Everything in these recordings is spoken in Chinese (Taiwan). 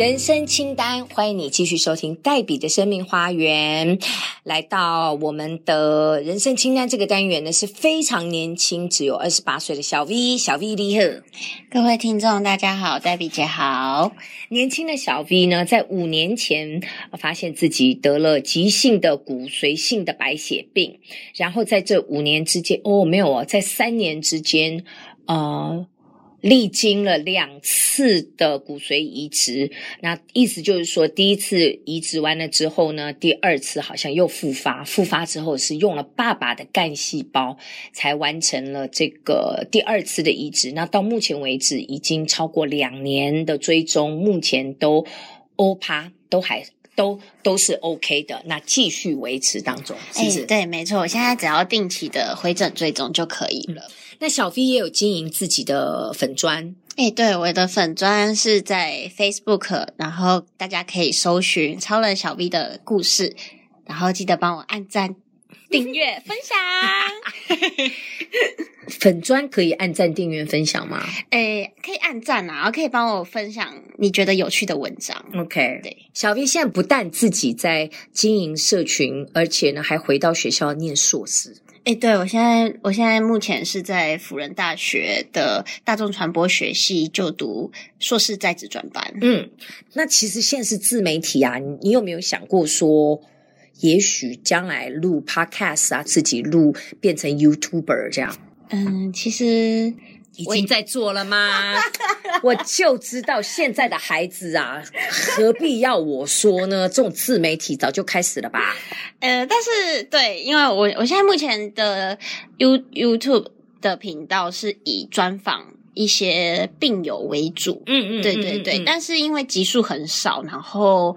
人生清單，歡迎你繼續收聽黛比的生命花園。來到我們的人生清單這個單元呢，是非常年輕，只有二十八歲的小 V。小 V，你好。各位聽眾，大家好，黛比姐好。年輕的小 V 呢，在五年前，呃，發現自己得了急性的骨髓性的白血病，然後在這五年之間，哦，沒有哦、啊，在三年之間，呃。歷經了兩次的骨髓移植，那意思就是說，第一次移植完了之後呢，第二次好像又復發，復發之後是用了爸爸的幹細胞才完成了這個第二次的移植。那到目前為止，已經超過兩年的追蹤，目前都 O 趴，都還都都是 OK 的，那繼續維持當中是不是？哎，對，沒錯，我現在只要定期的回診追蹤就可以了。嗯那小 V 也有經營自己的粉專，哎、欸，對，我的粉專是在 Facebook，然後大家可以搜尋“超人小 V” 的故事，然後記得幫我按讚、訂閱、 分享。 粉專可以按讚、訂閱、分享嗎？誒、欸，可以按讚啊，然後可以幫我分享你覺得有趣的文章。OK，對，小 V 現在不但自己在經營社群，而且呢還回到學校念碩士。誒、欸、對，我現在，我現在目前是在輔仁大學的大眾傳播學系就讀碩士在職專班。嗯，那其實現在是自媒體啊，你，你有沒有想過說，也許將來錄 Podcast 啊，自己錄變成 YouTuber 這樣？嗯，其實。已經在做了嗎？ 我就知道現在的孩子啊，何必要我說呢？這種自媒體早就開始了吧？呃，但是對，因為我我現在目前的 You YouTube 的頻道是以專訪一些病友為主，嗯嗯，對對對，嗯嗯嗯嗯，但是因為集數很少，然後。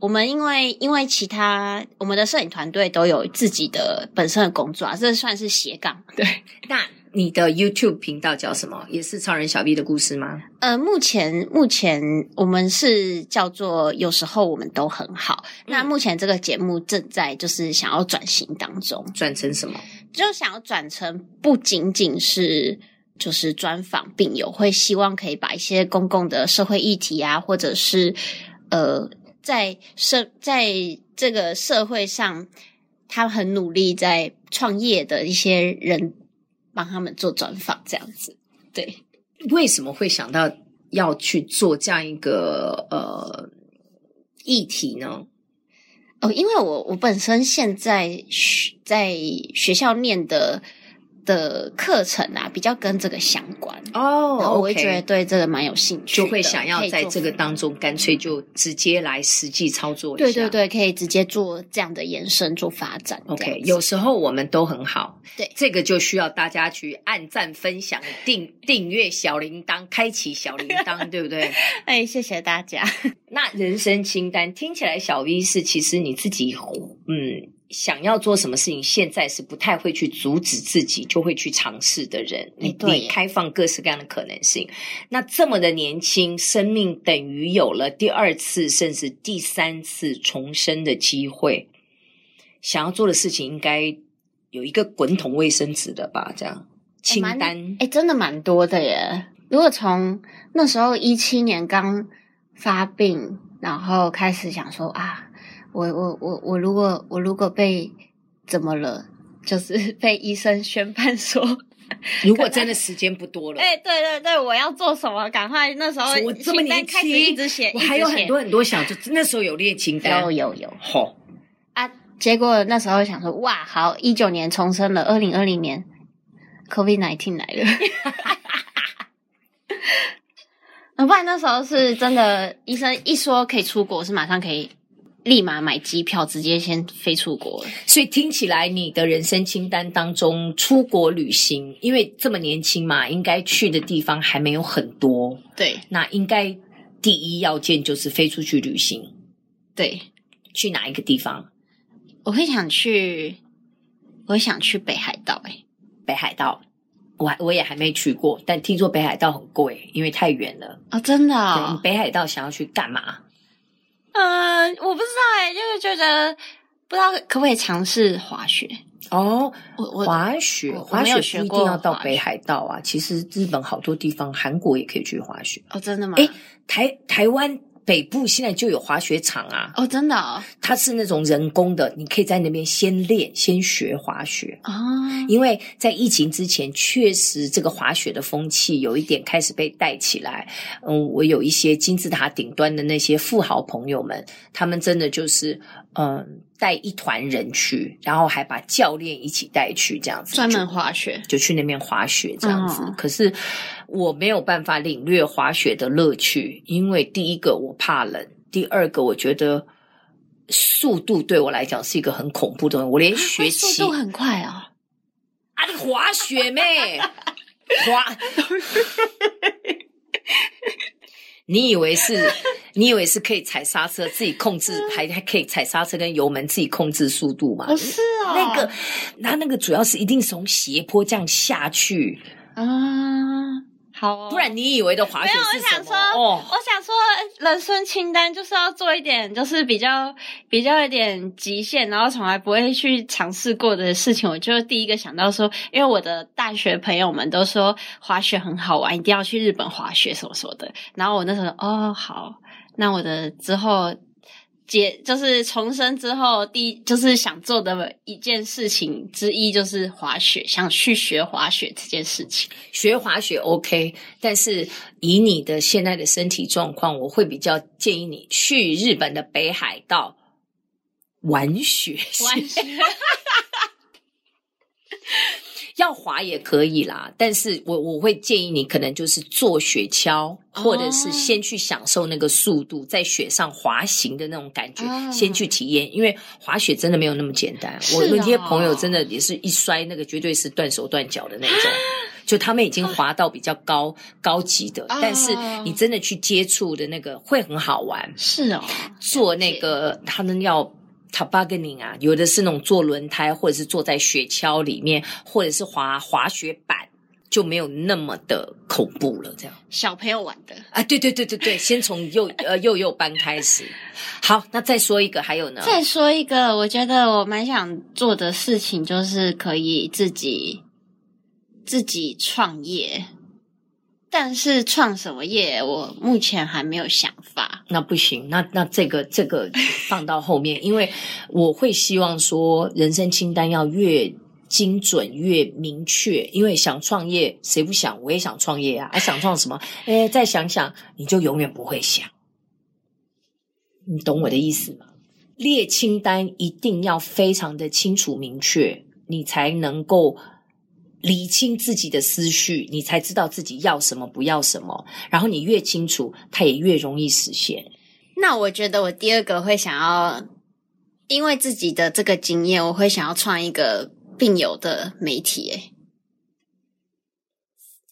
我們因為因為其他我們的攝影團隊都有自己的本身的工作啊，這算是斜槓。對， 那你的 YouTube 頻道叫什麼？也是《超人小 V 的故事》嗎？呃，目前目前我們是叫做有時候我們都很好，嗯。那目前這個節目正在就是想要轉型當中。轉成什麼？就想要轉成不僅僅是就是專訪病友，會希望可以把一些公共的社會議題啊，或者是呃。在社在這個社會上，他很努力在創業的一些人，幫他們做專訪這樣子。對，為什麼會想到要去做這樣一個，呃，議題呢？哦，因為我我本身現在在學校念的。的課程啊，比較跟這個相關哦。oh, okay. 嗯，我會覺得對這個蠻有興趣，就會想要在這個當中乾脆就直接來實際操作。嗯。對對對，可以直接做這樣的延伸做發展。OK，有時候我們都很好，對這個就需要大家去按讚、分享、訂訂閱小鈴鐺， 開啟小鈴鐺，對不對？ 哎，謝謝大家。那人生清單聽起來，小 V 是其實你自己嗯。想要做什麼事情，現在是不太會去阻止自己，就會去嘗試的人，欸。你開放各式各樣的可能性，那這麼的年輕，生命等於有了第二次甚至第三次重生的機會。想要做的事情，應該有一個滾筒衛生紙的吧？這樣清單，哎、欸欸，真的蠻多的耶。如果從那時候一七年剛發病，然後開始想說啊。我我我我如果我如果被怎麼了，就是被醫生宣判說，如果真的時間不多了。哎、欸，對對對，我要做什麼？趕快那時候我這麼年輕，開始一直寫，我還有很多很多想， 就那時候有戀情的，有有有，吼、哦、啊！結果那時候想說，哇，好，一九年重生了，二零二零年 COVID-19 來了， 不然那時候是真的，醫生一說可以出國，是馬上可以。立馬買機票，直接先飛出國。所以聽起來，你的人生清單當中，出國旅行，因為這麼年輕嘛，應該去的地方還沒有很多。對，那應該第一要件就是飛出去旅行。對，去哪一個地方？我會想去，我會想去北海道欸。哎，北海道，我我也還沒去過，但聽說北海道很貴，因為太遠了啊，哦！真的哦？嗯，北海道想要去幹嘛？嗯、呃，我不知道哎、欸，就是覺得不知道可不可以嘗試滑雪。哦，滑雪，滑雪不一定要到北海道啊。其實日本好多地方，韓國也可以去滑雪。哦，真的嗎？誒、欸，台台灣。北部現在就有滑雪場啊！哦，真的哦。它是那種人工的，你可以在那邊先練、先學滑雪啊。哦。因為在疫情之前，確實這個滑雪的風氣有一點開始被帶起來。嗯，我有一些金字塔頂端的那些富豪朋友們，他們真的就是。嗯，帶一團人去，然後還把教練一起帶去，這樣子。專門滑雪，就，就去那邊滑雪這樣子、哦。可是我沒有辦法領略滑雪的樂趣，因為第一個我怕冷，第二個我覺得速度對我來講是一個很恐怖的東西，我連學期，都很快啊、哦！啊，你滑雪咩？ 滑。 你以為是？ 你以為是可以踩剎車自己控制，還 還可以踩剎車跟油門自己控制速度嗎？不是啊，哦，是哦，那個，他那個主要是一定是從斜坡這樣下去啊。好，不然你以為的滑雪是什麼？沒有我想說、哦，我想說人生清單就是要做一點，就是比較比較有點極限，然後從來不會去嘗試過的事情，我就第一個想到說，因為我的大學朋友們都說滑雪很好玩，一定要去日本滑雪什麼什麼的，然後我那時候哦好，那我的之後。姐就是重生之後第就是想做的一件事情之一就是滑雪，想去學滑雪這件事情。學滑雪 OK，但是以你的現在的身體狀況，我會比較建議你去日本的北海道玩雪。玩雪， 要滑也可以啦，但是我我會建議你，可能就是坐雪橇，oh. 或者是先去享受那個速度，在雪上滑行的那種感覺，oh. 先去體驗，因為滑雪真的沒有那麼簡單。Oh. 我那一些朋友真的也是一摔，那個絕對是斷手斷腳的那種，oh. 就他們已經滑到比較高，oh. 高級的，但是你真的去接觸的那個會很好玩。是哦，做那個他們要。塔巴格寧啊，有的是那種坐輪胎，或者是坐在雪橇裡面，或者是滑滑雪板，就沒有那麼的恐怖了。這樣。小朋友玩的。啊，對對對對對，先從幼 呃幼幼班開始。好，那再說一個，還有呢？再說一個，我覺得我蠻想做的事情就是可以自己自己創業，但是創什麼業，我目前還沒有想法。那不行，那那這個這個放到後面，因為我會希望說人生清單要越精準越明確，因為想創業誰不想？我也想創業啊，還想創什麼？誒再想想，你就永遠不會想。你懂我的意思嗎？列清單一定要非常的清楚明確，你才能夠。理清自己的思緒，你才知道自己要什麼，不要什麼。然後你越清楚，它也越容易實現。那我覺得我第二個會想要，因為自己的這個經驗，我會想要創一個病友的媒體誒。誒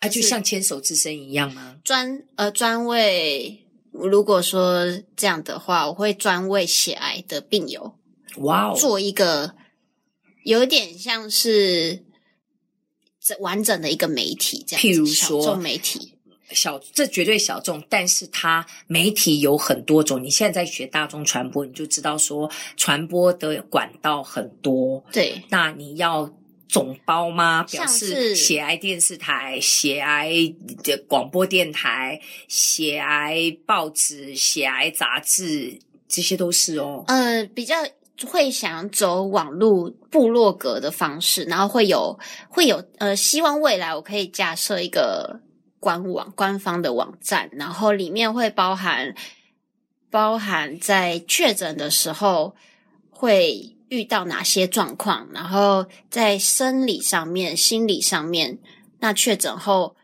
啊就像牽手之聲一樣嗎？就是、專呃專為如果說這樣的話，我會專為血癌的病友哇、wow、做一個，有點像是。完整的一個媒體，這樣子，譬如說，小眾媒體，小這絕對小眾，但是它媒體有很多種。你現在在學大眾傳播，你就知道說傳播的管道很多。對，那你要總包嗎？表示血癌電視台、血癌的廣播電台、血癌報紙、血癌雜誌，這些都是哦。嗯、呃，比較。會想走網路部落格的方式，然後會有會有呃，希望未來我可以架設一個官網官方的網站，然後裡面會包含包含在確診的時候會遇到哪些狀況，然後在生理上面、心理上面，那確診後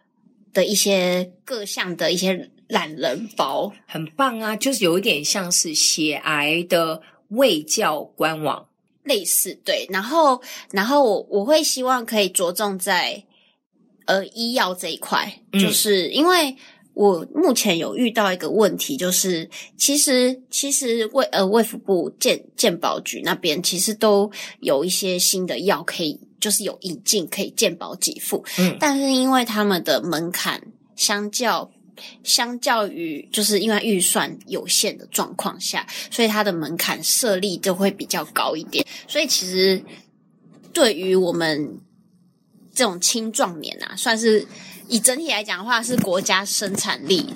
的一些各項的一些懶人包。很棒啊，就是有一點像是血癌的。衛教官網類似，對，然後然後我我會希望可以着重在呃醫藥這一塊、嗯，就是因為我目前有遇到一個問題，就是其實其實衛呃衛福部健健保局那邊其實都有一些新的藥可以，就是有引進可以健保給付，嗯，但是因為他們的門檻相較。相較於，就是因為預算有限的狀況下，所以它的門檻設立就會比較高一點。所以其實對於我們這種青壯年啊，算是以整體來講的話，是國家生產力。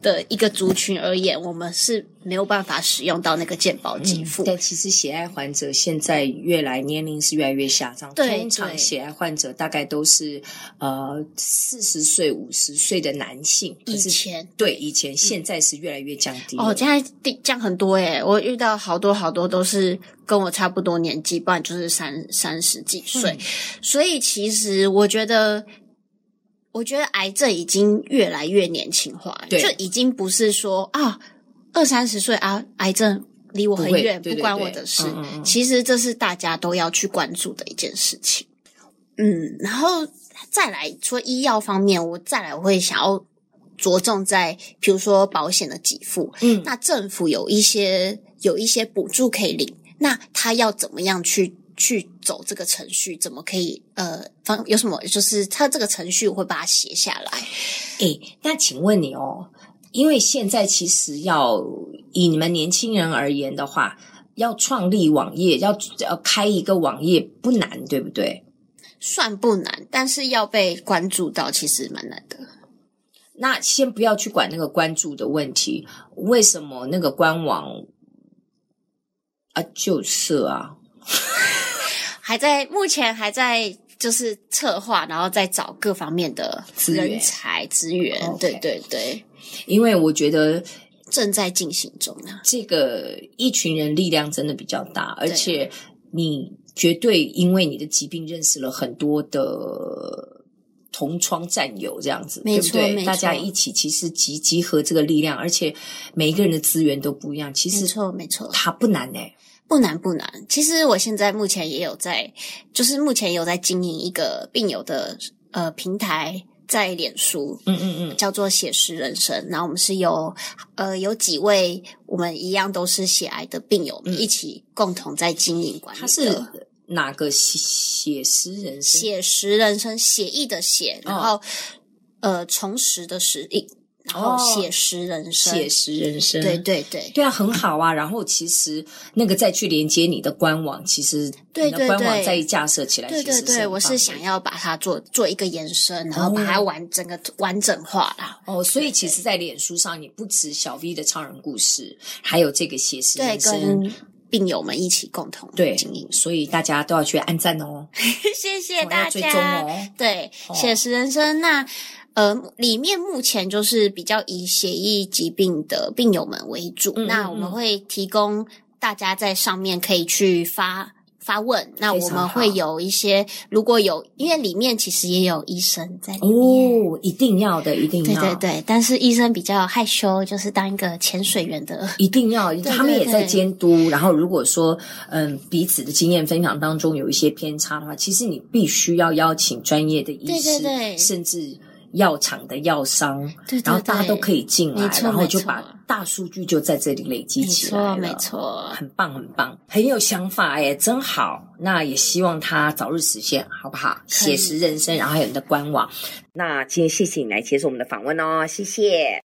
的一個族群而言，我們是沒有辦法使用到那個健保給付。但、嗯、其實血癌患者現在越來年齡是越來越下降。對，通常血癌患者大概都是呃四十歲五十歲的男性。以前對，以前、嗯、現在是越來越降低。哦，現在降很多誒，我遇到好多好多都是跟我差不多年紀，不然就是三三十幾歲、嗯。所以其實我覺得。我覺得癌症已經越來越年輕化，就已經不是說啊二三十歲啊，癌症離我很遠，不，對對對，不關我的事，對對對，嗯嗯嗯。其實這是大家都要去關注的一件事情。嗯，然後再來說醫藥方面，我再來我會想要着重在，比如說保險的給付，嗯，那政府有一些有一些補助可以領，那他要怎麼樣去？去走這個程序，怎麼可以？呃，方有什麼？就是他這個程序我會把它寫下來。哎，那請問你哦，因為現在其實要以你們年輕人而言的話，要創立網頁，要要，呃、開一個網頁不難，對不對？算不難，但是要被關注到其實蠻難的。那先不要去管那個關注的問題，為什麼那個官網啊，就是啊。 還在目前還在就是策劃，然後再找各方面的人才資源、資源。對對對，因為我覺得正在進行中呢。這個一群人力量真的比較大，而且你絕對因為你的疾病認識了很多的。同窗戰友這樣子，沒錯，對不對？沒錯，大家一起其實集集合這個力量，而且每一個人的資源都不一樣，其實沒錯沒錯，他不難呢、欸。不難不難。其實我現在目前也有在，就是目前有在經營一個病友的呃平台，在臉書，嗯嗯嗯，叫做寫實人生。然後我們是有，呃有幾位我們一樣都是血癌的病友、嗯、們一起共同在經營管理的。哪個寫寫實人生？寫實人生，寫意的寫，然後、哦、呃，重拾的拾，然後寫實人生，哦、寫實人生，對對對，對啊，很好啊。然後其實那個再去連接你的官網，其實你的官網再架設起來，對對對，對對對，我是想要把它做做一個延伸，然後把它完整個完整化啦、哦。哦，所以其實，在臉書上對對，你不止小 V 的超人故事，還有這個寫實人生。對跟病友們一起共同經營，所以大家都要去按贊哦。 謝謝大家，我要追哦、對，寫、哦、實人生。那呃，裡面目前就是比較以血液疾病的病友們為主，嗯嗯那我們會提供大家在上面可以去發。發問，那我們會有一些，如果有，因為裡面其實也有醫生在哦，一定要的，一定要，對對對，但是醫生比較害羞，就是當一個潛水員的，一定要，他們也在監督，對對對。然後如果說，嗯，彼此的經驗分享當中有一些偏差的話，其實你必須要邀請專業的醫生，對對對，甚至。藥廠的藥商對對對，然後大家都可以進來，然後就把大數據就在這裡累積起來了，沒錯，沒錯，很棒，很棒，很有想法耶，真好。那也希望他早日實現，好不好？寫實人生，然後還有你的官網。 那今天謝謝你來接受我們的訪問哦，謝謝。